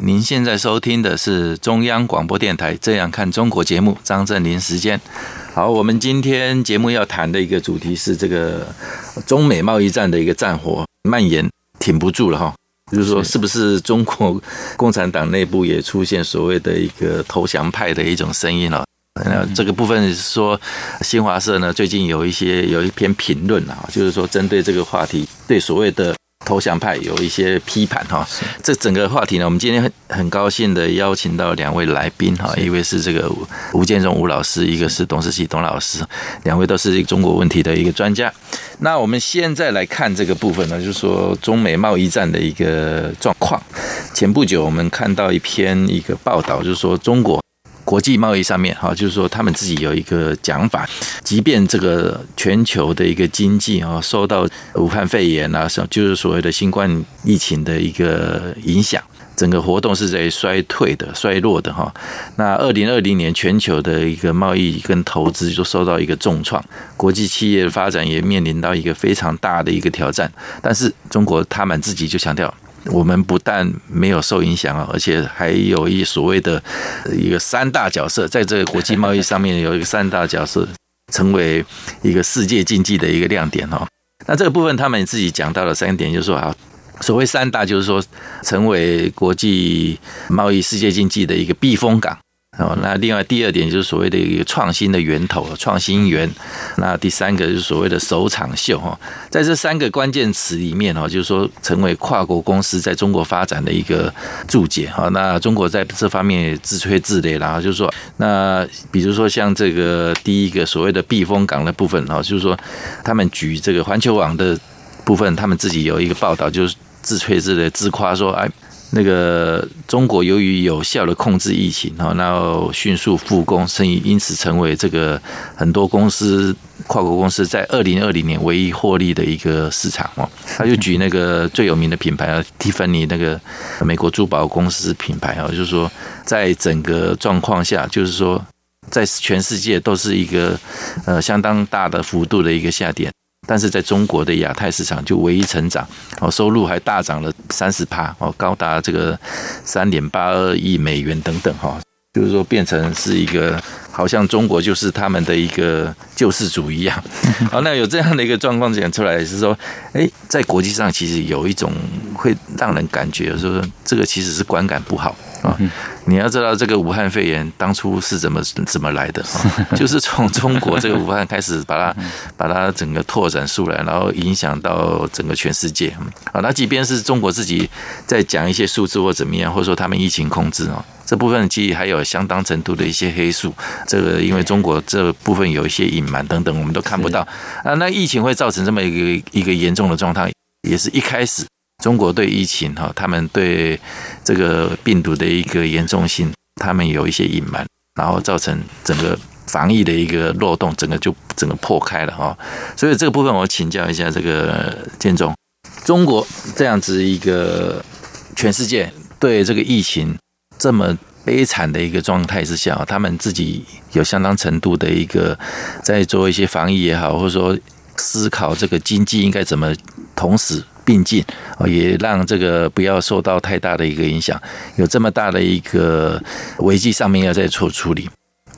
您現在收聽的是中央廣播電台《這樣看中國》節目，張正霖時間。好，我們今天節目要談的一個主題是這個中美貿易戰的一個戰火蔓延，挺不住了哈。就、哦、是說，是不是中國共產黨內部也出現所謂的一個投降派的一種聲音了？那、哦、這個部分說，新華社呢最近有一些有一篇評論啊、哦，就是說針對這個話題，對所謂的。投降派有一些批判哈。這整個話題呢，我們今天很很高興的邀請到兩位來賓哈，一位是這個吳建忠吳老師，一個是董思齊董老師，兩位都是這個中國問題的一個專家。那我們現在來看這個部分呢，就是說中美貿易戰的一個狀況。前不久我們看到一篇一個報道，就是說中國。國際貿易上面哈，就是說他們自己有一個講法，即便這個全球的一個經濟啊，受到武漢肺炎啊，所就是所謂的新冠疫情的一個影響，整個活動是在衰退的、衰落的哈。那二零二零年全球的一個貿易跟投資就受到一個重創，國際企業的發展也面臨到一個非常大的一個挑戰。但是中國他們自己就強調。我們不但沒有受影響啊，而且還有一所謂的一個三大角色，在這個國際貿易上面有一個三大角色，成為一個世界經濟的一個亮點哦。那這個部分他們自己講到了三點，就是說啊，所謂三大就是說成為國際貿易世界經濟的一個避風港。哦，那另外第二點就是所謂的一個創新的源頭，創新源。那第三個就是所謂的首場秀哈，在這三個關鍵詞裡面哦，就是說成為跨國公司在中國發展的一個注解。好，那中國在這方面也自吹自擂，然後就是說，那比如說像這個第一個所謂的避風港的部分哈，就是說他們舉這個環球網的部分，他們自己有一個報道，就是自吹自擂、自誇說，哎。那個中國由於有效的控制疫情，哈，然後迅速復工，所以因此成為這個很多公司跨國公司在二零二零年唯一獲利的一個市場，哦，他就舉那個最有名的品牌，蒂芬尼那個美國珠寶公司品牌，哈，就是說在整個狀況下，就是說在全世界都是一個呃相當大的幅度的一個下跌。但是在中國的亞太市場就唯一成長哦，收入還大漲了三十趴哦，高達這個三點八二億美元等等哈。就是說，變成是一個好像中國就是他們的一個救世主一樣。好， 那有這樣的一個狀況講出來，是說，欸，在國際上其實有一種會讓人感覺說，這個其實是觀感不好啊。 你要知道，這個武漢肺炎當初是怎麼怎麼來的，就是從中國這個武漢開始把它把它整個拓展出來，然後影響到整個全世界。好，那即便是中國自己在講一些數字或怎麼樣，或者說他們疫情控制啊。這部分記憶還有相當程度的一些黑數，這個因為中國這部分有一些隱瞞等等，我們都看不到啊。那疫情會造成這麼一個一個嚴重的狀態，也是一開始中國對疫情哈、哦，他們對這個病毒的一個嚴重性，他們有一些隱瞞，然後造成整個防疫的一個漏洞，整個就整個破開了哈、哦。所以這個部分我請教一下這個建忠，中國這樣子一個全世界對這個疫情。這麼悲慘的一個狀態之下，他們自己有相當程度的一個在做一些防疫也好，或者說思考這個經濟應該怎麼同時並進，也讓這個不要受到太大的一個影響。有這麼大的一個危機，上面要再做處理。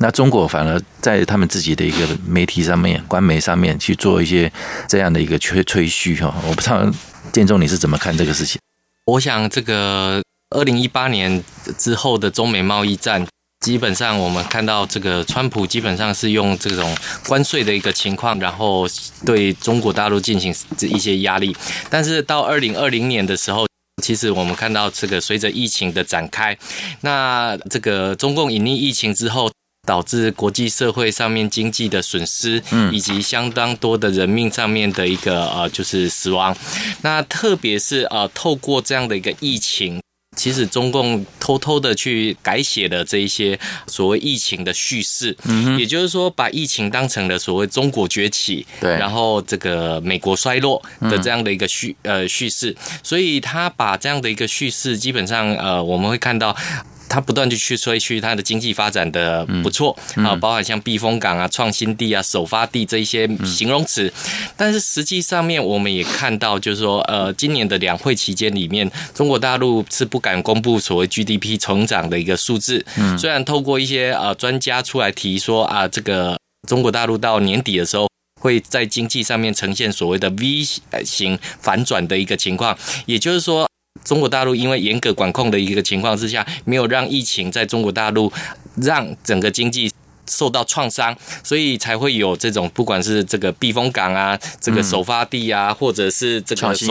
那中國反而在他們自己的一個媒體上面、官媒上面去做一些這樣的一個吹吹噓哈。我不知道建忠你是怎麼看這個事情？我想這個。二零一八年之後的中美貿易戰，基本上我們看到這個川普基本上是用這種關稅的一個情況，然後對中國大陸進行這一些壓力。但是到二零二零年的時候，其實我們看到這個隨着疫情的展開，那這個中共隱匿疫情之後，導致國際社會上面經濟的損失，以及相當多的人命上面的一個呃就是死亡。那特別是呃透過這樣的一個疫情。其實中共偷偷的去改寫了這一些所謂疫情的敘事，也就是說把疫情當成了所謂中國崛起，對，然後這個美國衰落的這樣的一個敘呃敘事，所以他把這樣的一個敘事，基本上呃我們會看到。他不斷的去吹噓他的經濟發展的不錯、嗯嗯、啊，包含像避風港啊、創新地啊、首發地這一些形容詞。嗯、但是實際上面我們也看到，就是說，呃，今年的兩會期間裡面，中國大陸是不敢公布所謂 GDP 成長的一個數字。嗯、雖然透過一些呃專家出來提說啊、呃，這個中國大陸到年底的時候會在經濟上面呈現所謂的 V 型反轉的一個情況，也就是說。中國大陸因為嚴格管控的一個情況之下，沒有讓疫情在中國大陸讓整個經濟。受到創傷，所以才會有這種不管是這個避風港啊，這個首發地啊、嗯，或者是這個創新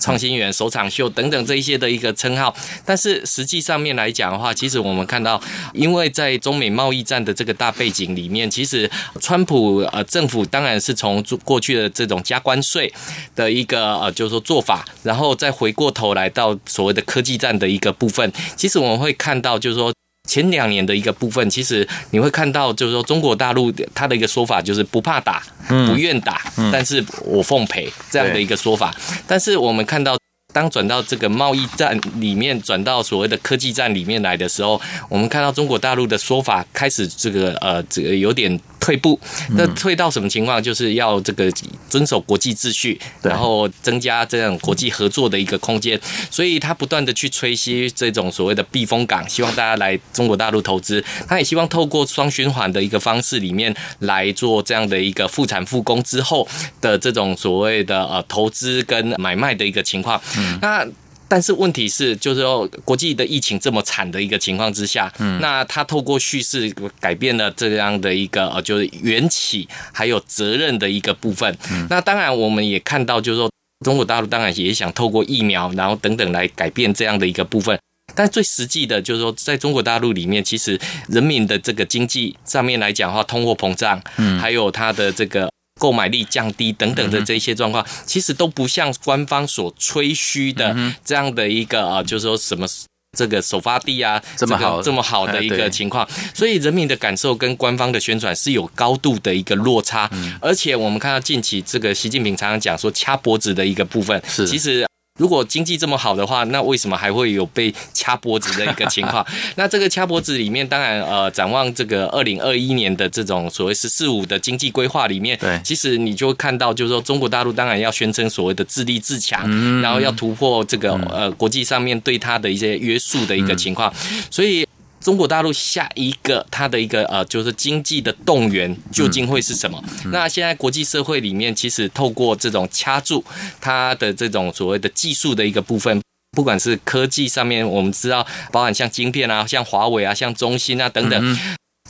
創新園、首場秀等等這一些的一個稱號。但是實際上面來講的話，其實我們看到，因為在中美貿易戰的這個大背景裡面，其實川普呃政府當然是從過去的這種加關稅的一個呃，就是說做法，然後再回過頭來到所謂的科技戰的一個部分，其實我們會看到，就是說。前兩年的一個部分，其實你會看到，就是說中國大陸的他的一個說法，就是不怕打，嗯、不願打、嗯，但是我奉陪這樣的一個說法。但是我們看到，當轉到這個貿易戰裡面，轉到所謂的科技戰裡面來的時候，我們看到中國大陸的說法開始這個呃這個有點。退步，那退到什麼情況？就是要這個遵守國際秩序，然後增加這樣國際合作的一個空間。所以他不斷的去吹噓這種所謂的避風港，希望大家來中國大陸投資。他也希望透過雙循環的一個方式裡面來做這樣的一個復產復工之後的這種所謂的呃投資跟買賣的一個情況。嗯，那。但是問題是，就是說國際的疫情這麼慘的一個情況之下，嗯，那他透過敘事改變了這樣的一個呃，就是緣起還有責任的一個部分。嗯，那當然我們也看到，就是說中國大陸當然也想透過疫苗，然後等等來改變這樣的一個部分。但最實際的就是說，在中國大陸裡面，其實人民的這個經濟上面來講的話，通貨膨脹，嗯，還有它的這個。購買力降低等等的這些狀況、嗯，其實都不像官方所吹噓的這樣的一個啊，嗯、就是說什麼這個首發地啊，這麼好，這，個、這麼好的一個情況、啊。所以人民的感受跟官方的宣傳是有高度的一個落差、嗯。而且我們看到近期這個習近平常常講說掐脖子的一個部分，其實。如果經濟這麼好的話，那為什麼還會有被掐脖子的一個情況？ 那這個掐脖子裡面，當然呃，展望這個二零二一年的這種所謂“十四五”的經濟規劃裡面，對，其實你就會看到，就是說中國大陸當然要宣稱所謂的自立自強，嗯、然後要突破這個呃國際上面對它的一些約束的一個情況，嗯、所以。中國大陸下一個它的一個呃，就是經濟的動員究竟會是什麼？嗯嗯、那現在國際社會裡面，其實透過這種掐住它的這種所謂的技術的一個部分，不管是科技上面，我們知道，包含像芯片啊、像華為啊、像中興啊等等、嗯，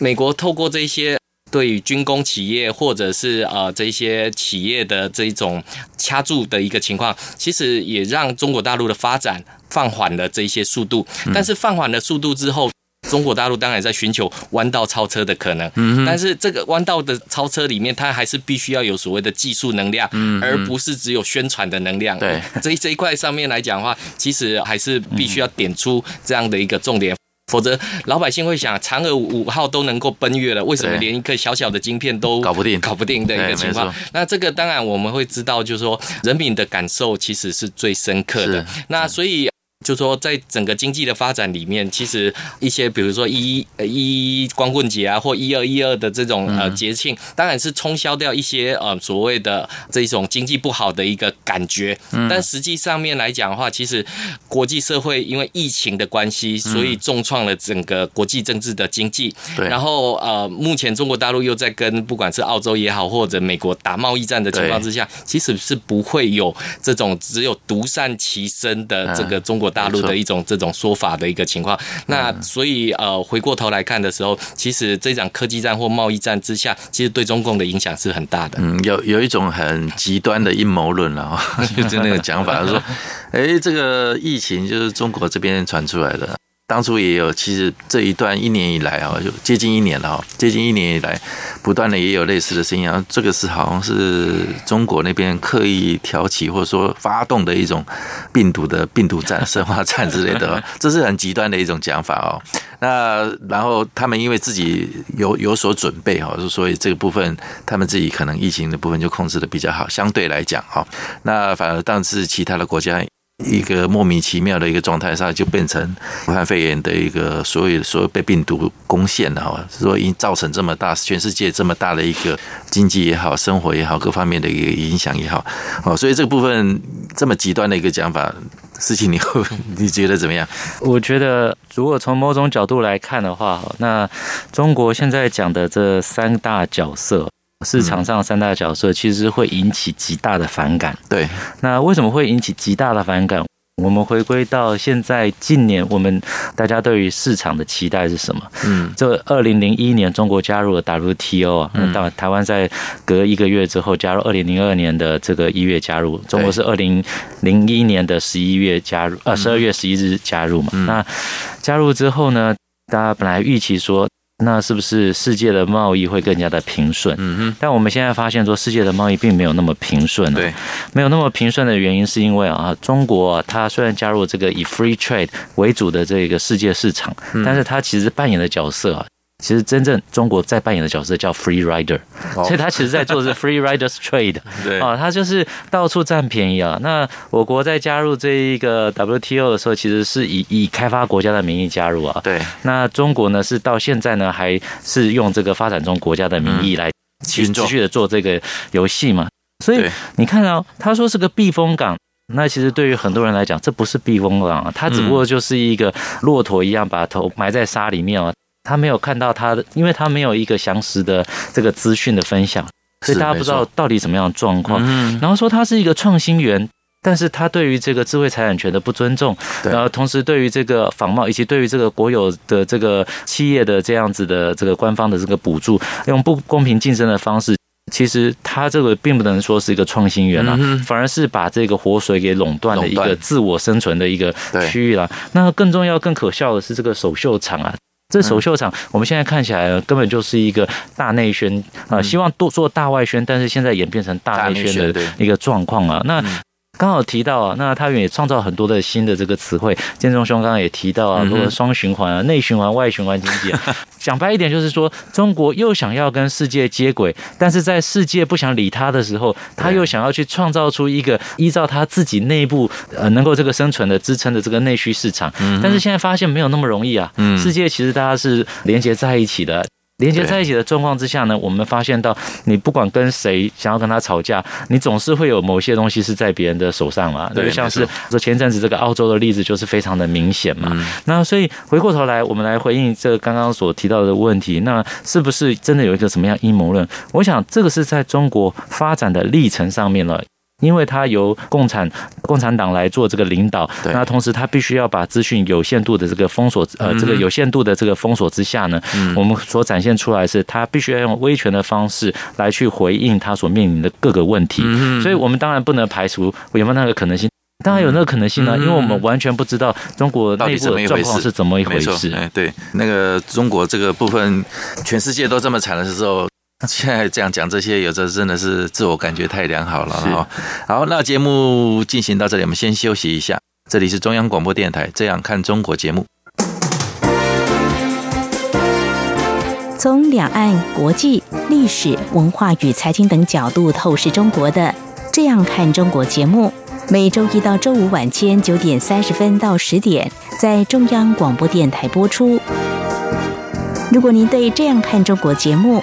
美國透過這一些對於軍工企業或者是呃這一些企業的這種掐住的一個情況，其實也讓中國大陸的發展放緩了這一些速度。嗯、但是放緩了速度之後。中國大陸當然在尋求彎道超車的可能，嗯，但是這個彎道的超車裡面，它還是必須要有所謂的技術能量，嗯、而不是只有宣傳的能量。對，這一這一塊上面來講的話，其實還是必須要點出這樣的一個重點，嗯、否則老百姓會想，嫦娥五號都能夠奔月了，為什麼連一顆小小的晶片都搞不定？搞不定的一個情況。那這個當然我們會知道，就是說人民的感受其實是最深刻的。那所以。嗯就說，在整個經濟的發展裡面，其實一些，比如說一呃一光棍節啊，或一二一二的這種呃節慶，當然是沖銷掉一些呃所謂的這種經濟不好的一個感覺。但實際上面來講的話，其實國際社會因為疫情的關係，所以重創了整個國際政治的經濟。對。然後呃，目前中國大陸又在跟不管是澳洲也好或者美國打貿易戰的情況之下，其實是不會有這種只有獨善其身的這個中國。大陸的一種這種說法的一個情況，嗯，那所以呃，回過頭來看的時候，其實這場科技戰或貿易戰之下，其實對中共的影響是很大的。嗯，有有一種很極端的陰謀論然啊， 就是那個講法，他 說，哎，欸，這個疫情就是中國這邊傳出來的。當初也有，其實這一段一年以來啊，就接近一年了，接近一年以來，不斷的也有類似的聲音。啊，這個是好像是中國那邊刻意挑起或者說發動的一種病毒的病毒戰、生化戰之類的，這是很極端的一種講法哦。那然後他們因為自己有有所準備哈，所以這個部分他們自己可能疫情的部分就控制的比較好，相對來講哈，那反而當時其他的國家。一個莫名其妙的一個狀態上就變成武漢肺炎的一個所有，所有被病毒攻陷了哈，說已經造成這麼大，全世界這麼大的一個經濟也好，生活也好，各方面的一個影響也好，哦，所以這個部分這麼極端的一個講法，事情你會你覺得怎麼樣？我覺得如果從某種角度來看的話，那中國現在講的這三大角色。市場上三大角色其實會引起極大的反感、嗯。對，那為什麼會引起極大的反感？我們回歸到現在近年，我們大家對於市場的期待是什麼？嗯，這二零零一年中國加入了 WTO 啊，那、嗯、台灣在隔一個月之後加入，二零零二年的這個一月加入，中國是二零零一年的十一月加入，呃，十、啊、十二月十一日加入嘛、嗯。那加入之後呢，大家本來預期說。那是不是世界的貿易會更加的平順？嗯哼，但我們現在發現說，世界的貿易並沒有那麼平順啊。對，沒有那麼平順的原因是因為啊，中國啊，它雖然加入這個以 free trade 為主的這個世界市場，嗯，但是它其實扮演的角色啊。其實真正中國在扮演的角色叫 free rider，、oh、所以他其實在做的是 free riders trade， 對啊，他就是到處占便宜啊。那我國在加入這一個 WTO 的時候，其實是以以開發國家的名義加入啊。對。那中國呢，是到現在呢，還是用這個發展中國家的名義來繼續的做這個遊戲嘛？所以你看到、啊、他說是個避風港，那其實對於很多人來講，這不是避風港，啊，它只不過就是一個駱駝一樣把頭埋在沙裡面啊。他沒有看到他的，因為他沒有一個詳實的這個資訊的分享，所以大家不知道到底什麼樣的狀況。嗯，然後說他是一個創新源，但是他對於這個智慧財產權的不尊重，對，然後同時對於這個仿冒以及對於這個國有的這個企業的這樣子的這個官方的這個補助，用不公平競爭的方式，其實他這個並不能說是一個創新源啦、嗯，反而是把這個活水給壟斷的一個自我生存的一個區域啦。那更重要、更可笑的是這個首秀場啊。這首秀場，我們現在看起來根本就是一個大內宣啊，希望多做大外宣，但是現在演變成大內宣的一個狀況了，啊。那。剛好提到啊，那他也創造很多的新的這個詞彙。建忠兄剛剛也提到啊，如果雙循環啊、內循環、外循環經濟。講 白一點，就是說中國又想要跟世界接軌，但是在世界不想理他的時候，他又想要去創造出一個依照他自己內部呃能夠這個生存的支撐的這個內需市場。 但是現在發現沒有那麼容易啊。世界其實大家是連接在一起的。連接在一起的狀況之下呢，我們發現到，你不管跟誰想要跟他吵架，你總是會有某些東西是在別人的手上嘛。對。就像是說，前陣子這個澳洲的例子就是非常的明顯嘛。嗯、那所以回過頭來，我們來回應這剛剛所提到的問題，那是不是真的有一個什麼樣陰謀論？我想這個是在中國發展的歷程上面了。因為它由共產共產黨來做這個領導，對，那同時它必須要把資訊有限度的這個封鎖、嗯，呃，這個有限度的這個封鎖之下呢，嗯、我們所展現出來是它必須要用威權的方式來去回應它所面臨的各個問題、嗯，所以我們當然不能排除有沒有那個可能性，嗯、當然有那個可能性呢、嗯，因為我們完全不知道中國內部的狀況是怎麼一回事，一回事，沒錯，哎，對，那個中國這個部分，全世界都這麼慘的時候。現在這樣講這些，有的真的是自我感覺太良好了啊，好，那節目進行到這裡，我們先休息一下。這裡是中央廣播電臺《這樣看中國》節目，從兩岸、國際、歷史、文化與財經等角度透視中國的《這樣看中國》節目，每周一到周五晚間九點三十分到十點在中央廣播電臺播出。如果您對《這樣看中國》節目，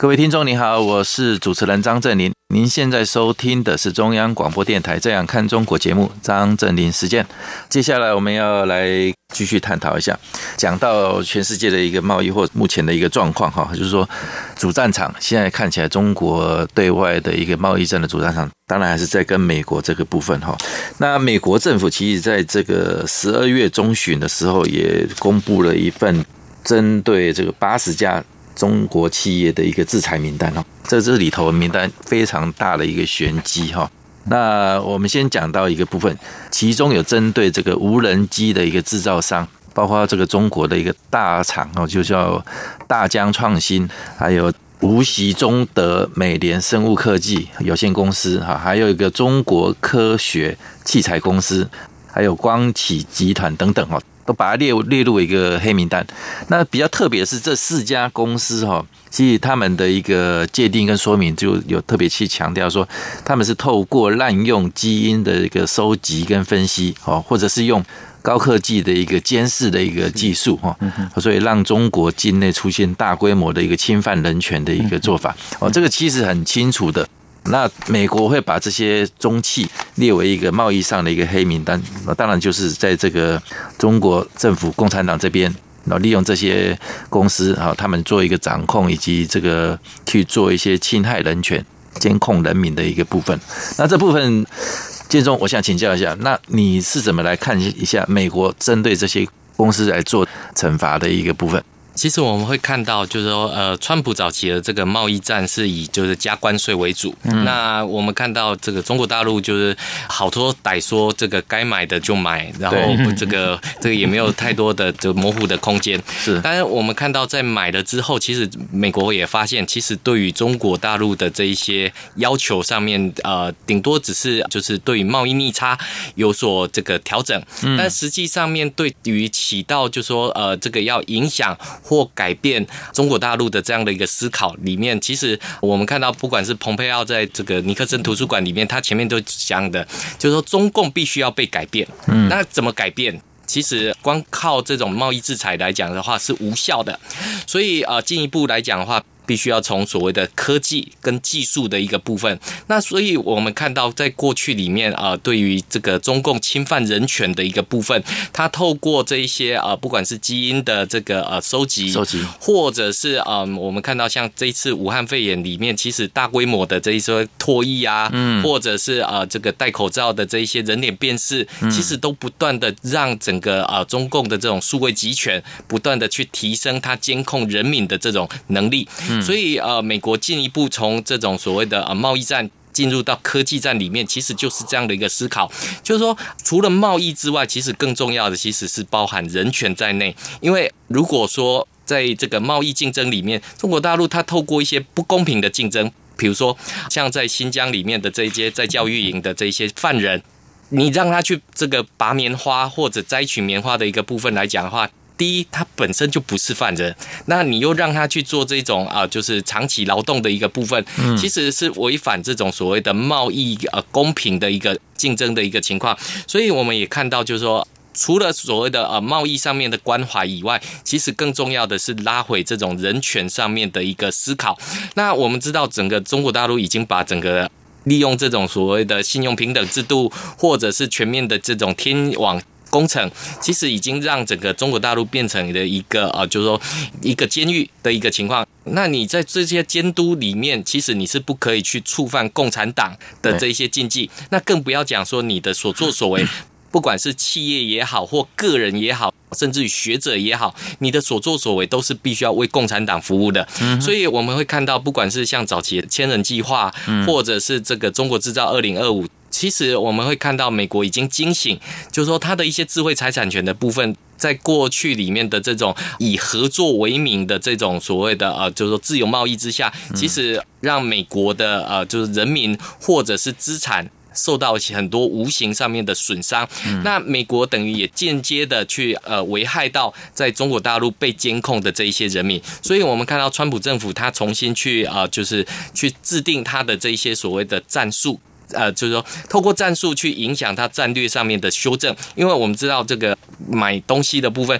各位聽眾你好，我是主持人張正霖。您現在收聽的是中央廣播電台《這樣看中國》節目，張正霖時間。接下來我們要來繼續探討一下，講到全世界的一個貿易或目前的一個狀況哈、哦，就是說主戰場現在看起來，中國對外的一個貿易戰的主戰場，當然還是在跟美國這個部分哈、哦。那美國政府其實在這個十二月中旬的時候，也公布了一份針對這個八十家。中國企業的一個制裁名單哦，在這，這裡頭名單非常大的一個玄機哈。那我們先講到一個部分，其中有針對這個無人機的一個制造商，包括這個中國的一個大廠哦，就叫大疆創新，還有無錫中德美聯生物科技有限公司哈，還有一個中國科學器材公司，還有光啟集團等等哦。都把它列列入一個黑名單。那比較特別的是，這四家公司哈，其實他們的一個界定跟說明就有特別去強調說，他們是透過濫用基因的一個收集跟分析哦，或者是用高科技的一個監視的一個技術哈，所以讓中國境內出現大規模的一個侵犯人權的一個做法哦，這個其實很清楚的。那美國會把這些中企列為一個貿易上的一個黑名單，那當然就是在這個中國政府、共產黨這邊，然後利用這些公司啊，他們做一個掌控，以及這個去做一些侵害人權、監控人民的一個部分。那這部分，建忠，我想請教一下，那你是怎麼來看一下美國針對這些公司來做懲罰的一個部分？其實我們會看到，就是說，呃，川普早期的這個貿易戰是以就是加關稅為主。嗯、那我們看到這個中國大陸就是好說，歹說，這個該買的就買，然後這個這個也沒有太多的就模糊的空間。是，但是我們看到在買了之後，其實美國也發現，其實對於中國大陸的這一些要求上面，呃，頂多只是就是對於貿易逆差有所這個調整。嗯、但實際上面對於起到就是說呃這個要影響。或改變中國大陸的這樣的一個思考裡面，其實我們看到，不管是蓬佩奧在這個尼克森圖書館裡面，他前面都講的，就是說中共必須要被改變。嗯，那怎麼改變？其實光靠這種貿易制裁來講的話是無效的，所以啊，進一步來講的話。必須要從所謂的科技跟技術的一個部分。那所以我們看到，在過去裡面啊，對於這個中共侵犯人權的一個部分，它透過這一些啊，不管是基因的這個呃、啊、收集，收集，或者是啊，我們看到像這一次武漢肺炎裡面，其實大規模的這一些唾液啊，嗯，或者是啊這個戴口罩的這一些人臉辨識，其實都不斷的讓整個啊中共的這種數位集權不斷的去提升它監控人民的這種能力。所以，呃，美國進一步從這種所謂的呃貿易戰進入到科技戰裡面，其實就是這樣的一個思考，就是說，除了貿易之外，其實更重要的其實是包含人權在內。因為如果說在這個貿易競爭裡面，中國大陸它透過一些不公平的競爭，比如說像在新疆裡面的這一些再教育營的這一些犯人，你讓他去這個拔棉花或者摘取棉花的一個部分來講的話。第一，他本身就不是犯人，那你又讓他去做這種啊、呃，就是長期勞動的一個部分，其實是違反這種所謂的貿易呃公平的一個競爭的一個情況。所以我們也看到，就是說，除了所謂的呃貿易上面的關懷以外，其實更重要的是拉回這種人權上面的一個思考。那我們知道，整個中國大陸已經把整個利用這種所謂的信用平等制度，或者是全面的這種天網。工程其實已經讓整個中國大陸變成了一個啊，就是說一個監獄的一個情況。那你在這些監督裡面，其實你是不可以去觸犯共產黨的這些禁忌、嗯。那更不要講說你的所作所為、嗯，不管是企業也好，或個人也好，甚至於學者也好，你的所作所為都是必須要為共產黨服務的。嗯、所以我們會看到，不管是像早期千人計劃、嗯，或者是這個中國制造二零二五。其實我們會看到，美國已經驚醒，就是說，他的一些智慧財產權的部分，在過去裡面的這種以合作為名的這種所謂的呃，就是說自由貿易之下，其實讓美國的呃，就是人民或者是資產受到很多無形上面的損傷。嗯、那美國等於也間接的去呃危害到在中國大陸被監控的這一些人民。所以我們看到川普政府他重新去啊、呃，就是去制定他的這一些所謂的戰術。呃，就是說，透過戰術去影響它戰略上面的修正，因為我們知道這個買東西的部分，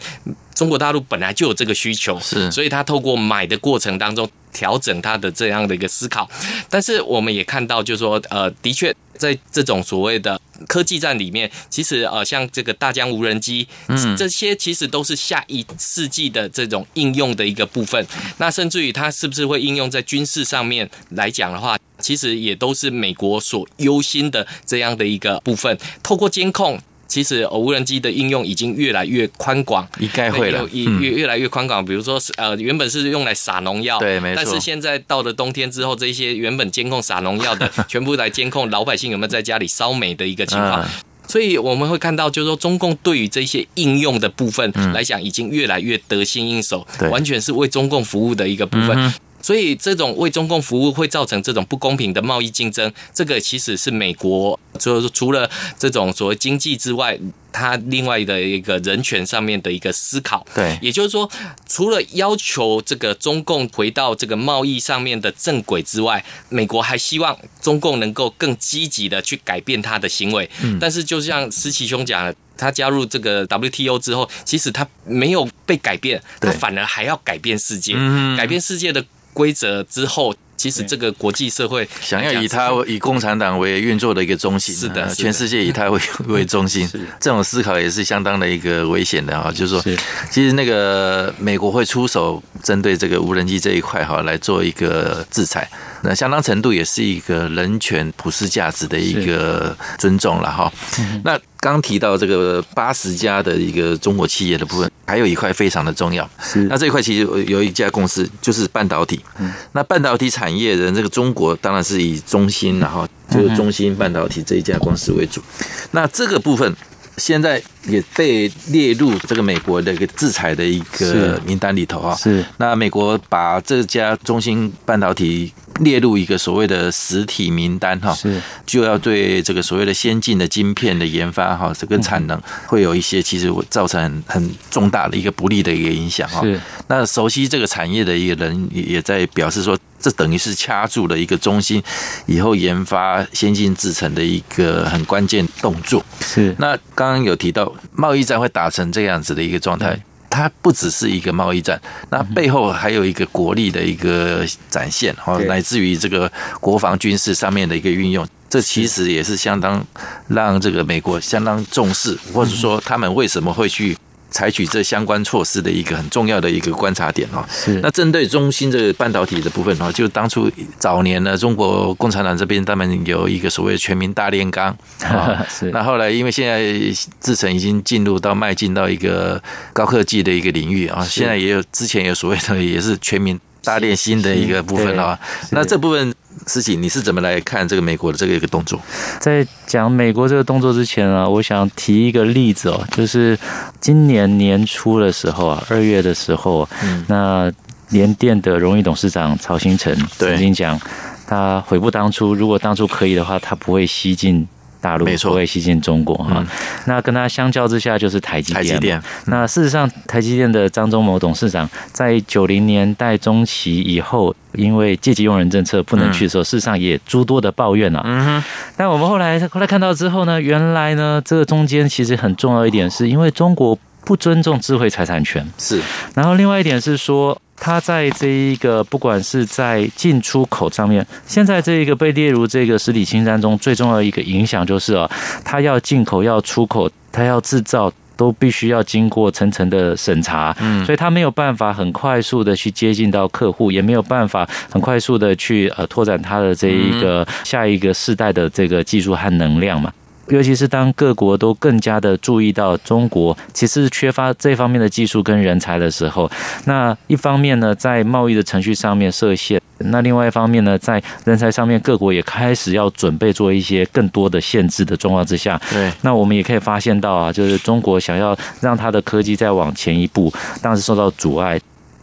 中國大陸本來就有這個需求，是，所以它透過買的過程當中調整它的這樣的一個思考。但是我們也看到，就是說，呃，的確，在這種所謂的科技戰裡面，其實呃，像這個大疆無人機，嗯，這些其實都是下一世紀的這種應用的一個部分。那甚至於它是不是會應用在軍事上面來講的話？其實也都是美國所憂心的這樣的一個部分。透過監控，其實無人機的應用已經越來越寬廣，應該會了，越越來越寬廣。比如說、嗯，呃，原本是用來撒農藥，對，沒錯。但是現在到了冬天之後，這些原本監控撒農藥的，全部來監控老百姓有沒有在家裡燒煤的一個情況、 嗯。所以我們會看到，就是說，中共對於這些應用的部分來講，已經越來越得心應手、嗯，完全是為中共服務的一個部分。嗯所以這種為中共服務，會造成這種不公平的貿易競爭，這個其實是美國，就是除了這種所謂經濟之外，它另外的一個人權上面的一個思考。對，也就是說，除了要求這個中共回到這個貿易上面的正軌之外，美國還希望中共能夠更積極的去改變它的行為。嗯。但是就像思齊兄講的，他加入這個 WTO 之後，其實他沒有被改變，他反而還要改變世界，嗯、改變世界的。規則之後，其實這個國際社會想要以它為以共產黨為運作的一個中心，是的，是的，全世界以它為為中心 是。這種思考也是相當的一個危險的啊！就是說，是其實那個美國會出手針對這個無人機這一塊哈，來做一個制裁。那相當程度也是一個人權普世價值的一個尊重了哈。那剛提到這個八十家的一個中國企業的部分，還有一塊非常的重要。是。那這一塊其實有一家公司就是半導體。那半導體產業的這個中國當然是以中芯了哈，就是中芯半導體這一家公司為主。那這個部分現在也被列入這個美國的一個制裁的一個名單裡頭啊，是，是。那美國把這家中芯半導體列入一個所謂的實體名單哈，是，就要對這個所謂的先進的晶片的研發哈，這個產能會有一些其實造成很很重大的一個不利的一個影響哈。是。那熟悉這個產業的一個人也在表示說，這等於是掐住了一個中心以後研發先進製程的一個很關鍵動作。是。那剛剛有提到貿易戰會打成這樣子的一個狀態。嗯它不只是一個貿易戰，那背後還有一個國力的一個展現，哦，乃至於這個國防軍事上面的一個運用，這其實也是相當讓這個美國相當重視，或者說他們為什麼會去。採取這相關措施的一個很重要的一個觀察點哦、喔，是。那針對中芯這個半導體的部分哦、喔，就當初早年呢，中國共產黨這邊他們有一個所謂全民大煉鋼，是。那後來因為現在製程已經進入到邁進到一個高科技的一個領域啊、喔，現在也有之前有所謂的也是全民大煉芯的一個部分啊、喔，那這部分。思齊你是怎麼來看這個美國的這個一個動作？在講美國這個動作之前啊，我想提一個例子哦，就是今年年初的時候啊，二月的時候，嗯，那聯電的榮譽董事長曹興誠曾經講，他悔不當初，如果當初可以的話，他不會吸進大陸，不會吸進中國哈、嗯。那跟他相較之下，就是台積電。台積電。那事實上，台積電的張忠謀董事長在九零年代中期以後。因為借機用人政策不能去的時候，事實上也諸多的抱怨啊。嗯哼，但我們後來後來看到之後呢，原來呢，這個中間其實很重要一點，是因為中國不尊重智慧財產權，權。是，然後另外一點是說，他在這一個不管是在進出口上面，現在這一個被列入這個實體清單中，最重要的一個影響就是啊，他要進口要出口，他要制造。都必須要經過層層的審查，嗯，所以他沒有辦法很快速的去接近到客戶，也沒有辦法很快速的去呃拓展他的這一個下一個世代的這個技術和能量嘛。尤其是當各國都更加的注意到中國其實缺乏這方面的技術跟人才的時候，那一方面呢，在貿易的程序上面設限；那另外一方面呢，在人才上面，各國也開始要準備做一些更多的限制的狀況之下。對，那我們也可以發現到啊，就是中國想要讓它的科技再往前一步，但是受到阻礙。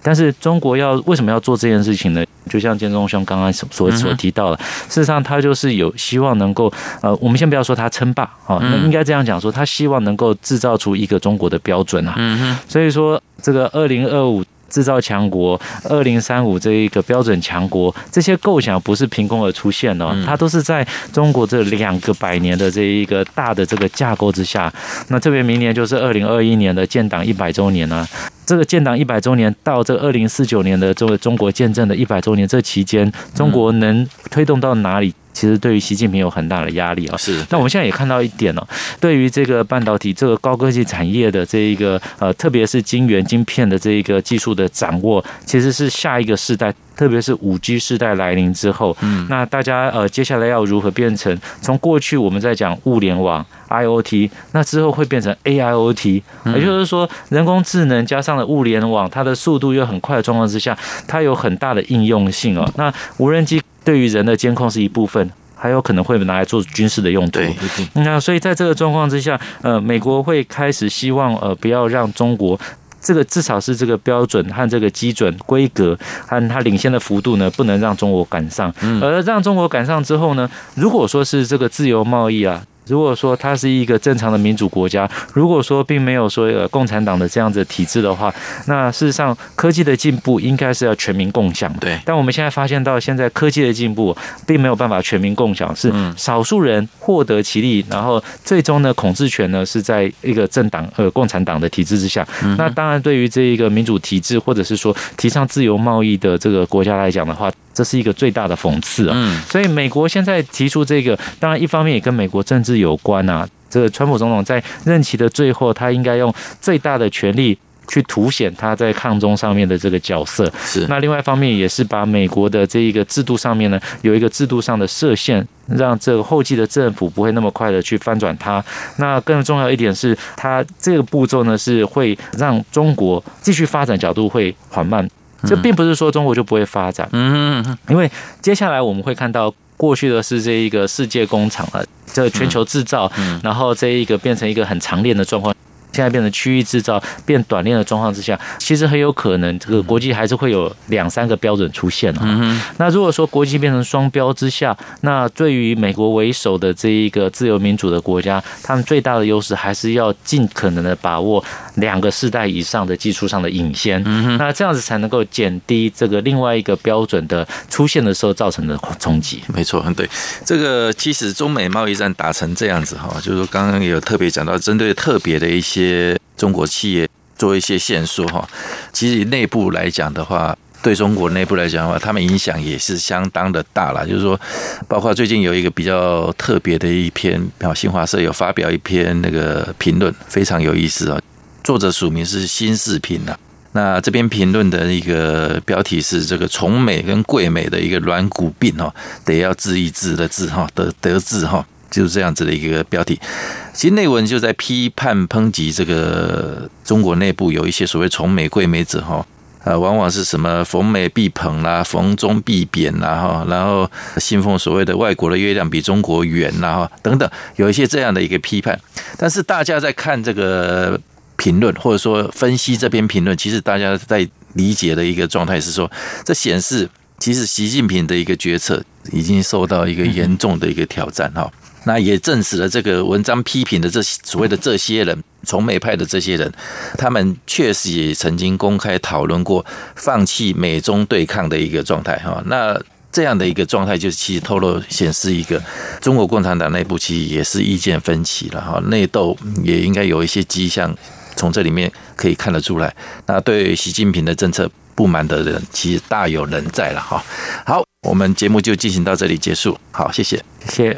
但是中國要為什麼要做這件事情呢？就像建忠兄剛剛所所提到的，嗯，事實上他就是有希望能夠，呃，我們先不要說他稱霸，啊，嗯，那應該這樣講說，他希望能夠制造出一個中國的標準啊，嗯，所以說這個二零二五。製造強國，二零三五這一個標準強國，這些構想不是憑空而出現的喔嗯，它都是在中國這兩個百年的這一個大的這個架構之下。那特別明年就是二零二一年的建黨一百週年呢，啊，這個建黨一百週年到這二零四九年的作為中國建政的一百週年，這期間，中國能推動到哪裡？嗯其實對於習近平有很大的壓力啊。是。那我們現在也看到一點哦、啊，對於這個半導體、這個高科技產業的這一個呃，特別是晶圓、晶片的這一個技術的掌握，其實是下一個世代，特別是五 G 世代來臨之後，嗯，那大家呃，接下來要如何變成從過去我們在講物聯網 IOT，那之後會變成 AIOT，、嗯、也就是說人工智能加上了物聯網，它的速度又很快的狀況之下，它有很大的應用性哦、啊。那無人機。對於人的監控是一部分，還有可能會拿來做軍事的用途。對，那所以在這個狀況之下，呃，美國會開始希望，呃，不要讓中國這個至少是這個標準和這個基準規格和它領先的幅度呢，不能讓中國趕上。嗯。而讓中國趕上之後呢，如果說是這個自由貿易啊。如果說它是一個正常的民主國家，如果說並沒有說呃共產黨的這樣子的體制的話，那事實上科技的進步應該是要全民共享。對，但我們現在發現到現在科技的進步並沒有辦法全民共享，是少數人獲得其利、嗯，然後最終呢，控制權呢是在一個政黨呃共產黨的體制之下。嗯、那當然，對於這一個民主體制，或者是說提倡自由貿易的這個國家來講的話。這是一個最大的諷刺啊！所以美國現在提出這個，當然一方面也跟美國政治有關啊。這個川普總統在任期的最後，他應該用最大的權力去凸顯他在抗中上面的這個角色。是。那另外一方面也是把美國的這一個制度上面呢，有一個制度上的設限，讓這個後繼的政府不會那麼快的去翻轉他。那更重要一點是，他這個步驟呢是會讓中國繼續發展角度會緩慢。這並不是說中國就不會發展，嗯，因為接下來我們會看到，過去的是這一個世界工廠啊，這全球制造，然後這一個變成一個很長鏈的狀況。現在變成區域製造變短鏈的狀況之下，其實很有可能這個國際還是會有兩三個標準出現。嗯哼。那如果說國際變成雙標之下，那對於美國為首的這一個自由民主的國家，他們最大的優勢還是要盡可能的把握兩個世代以上的技術上的領先。嗯哼。那這樣子才能夠減低這個另外一個標準的出現的時候造成的衝擊。沒錯，很對。這個其實中美貿易戰打成這樣子哈，就是說剛剛也有特別講到針對特別的一些。些中國企業做一些限縮哈，其實內部來講的話，對中國內部來講的話，他們影響也是相當的大啦，就是說，包括最近有一個比較特別的一篇，新華社有發表一篇那個評論，非常有意思啊。作者署名是新視頻吶。那這篇評論的一個標題是這個“崇美跟貴美的一個軟骨病”哦，得要治一治的治哈，得得治哈。就是這樣子的一個標題，其實內文就在批判抨擊這個中國內部有一些所謂崇美跪美者哈，往往是什麼逢美必捧啦、逢中必貶啦哈，然後信奉所謂的外國的月亮比中國圓啦。哈等等，有一些這樣的一個批判。但是大家在看這個評論或者說分析這篇評論，其實大家在理解的一個狀態是說，這顯示其實習近平的一個決策已經受到一個嚴重的一個挑戰哈。嗯那也證實了這個文章批評的這些所謂的這些人，崇美派的這些人，他們確實也曾經公開討論過放棄美中對抗的一個狀態哈。那這樣的一個狀態，就是其實透露顯示一個中國共產黨內部其實也是意見分歧了哈，內鬥也應該有一些跡象，從這裡面可以看得出來。那對習近平的政策不滿的人其實大有人在了哈。好，我們節目就進行到這裡結束。好，謝謝，謝謝。